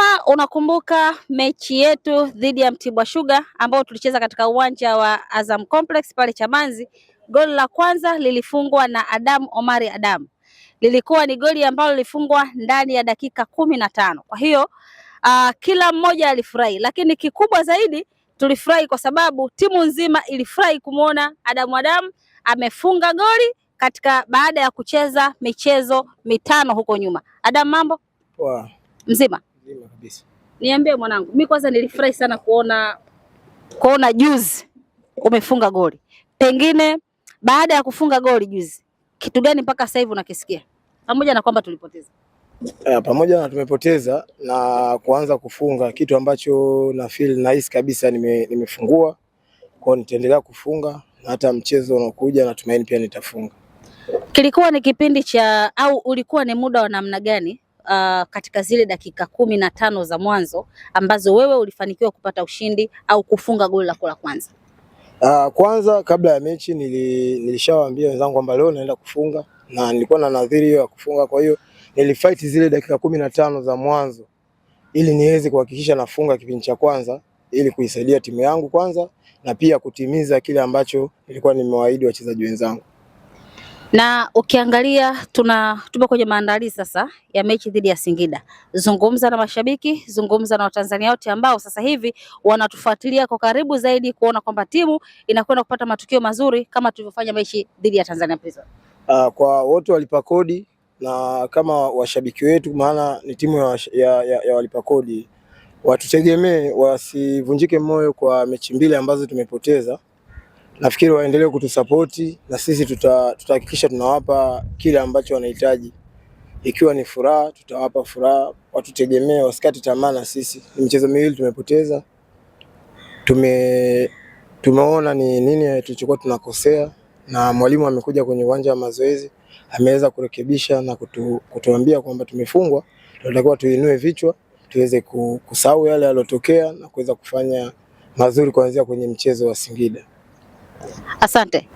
Kama unakumbuka mechi yetu dhidi ya Mtibwa Sugar ambao tulicheza katika uwanja wa Azam Complex pale Chamanzi, goli la kwanza lilifungwa na Adam Omari Adam. Lilikuwa ni goli ambalo lilifungwa ndani ya dakika kumi na tano. Kwa hiyo uh, kila mmoja alifurahi, lakini kikubwa zaidi tulifurahi kwa sababu timu nzima ilifurahi kumwona Adamu Adamu amefunga goli katika baada ya kucheza michezo mitano huko nyuma. Adam, mambo wow. mzima Mzima kabisa. Niambie mwanangu, mi kwanza nilifurahi sana kuona kuona juzi umefunga goli. Pengine baada ya kufunga goli juzi, kitu gani mpaka sasa hivi unakisikia, pamoja na kwamba tulipoteza? Eh, pamoja na tumepoteza na kuanza kufunga, kitu ambacho na feel nahisi kabisa nime, nimefungua kwao, nitaendelea kufunga na hata mchezo unaokuja natumaini pia nitafunga. Kilikuwa ni kipindi cha au ulikuwa ni muda wa namna gani uh, katika zile dakika kumi na tano za mwanzo ambazo wewe ulifanikiwa kupata ushindi au kufunga goli lako la kwanza? Uh, kwanza kabla ya mechi nili, nilishawaambia wenzangu kwamba leo naenda kufunga na nilikuwa na nadhiri hiyo ya kufunga. Kwa hiyo nilifight zile dakika kumi na tano za mwanzo ili niweze kuhakikisha nafunga kipindi cha kwanza ili kuisaidia timu yangu kwanza na pia kutimiza kile ambacho nilikuwa nimewaahidi wachezaji wenzangu na ukiangalia tuna tupo kwenye maandalizi sasa ya mechi dhidi ya Singida. Zungumza na mashabiki, zungumza na Watanzania wote ambao sasa hivi wanatufuatilia kwa karibu zaidi kuona kwamba timu inakwenda kupata matukio mazuri kama tulivyofanya mechi dhidi ya Tanzania Prison. Uh, kwa wote walipa kodi na kama washabiki wetu, maana ni timu ya, ya, ya, ya walipa kodi, watutegemee wasivunjike moyo kwa mechi mbili ambazo tumepoteza nafikiri waendelee kutusapoti na sisi tutahakikisha tuta tunawapa kile ambacho wanahitaji. Ikiwa ni furaha, tutawapa furaha, watutegemee, wasikate tamaa. Na sisi ni michezo miwili tumepoteza, tume tumeona ni nini tulichokuwa tunakosea, na mwalimu amekuja kwenye uwanja wa mazoezi ameweza kurekebisha na kutu, kutuambia kwamba tumefungwa, tunatakiwa tuinue vichwa tuweze kusahau yale yaliyotokea na kuweza kufanya mazuri kuanzia kwenye mchezo wa Singida. Asante.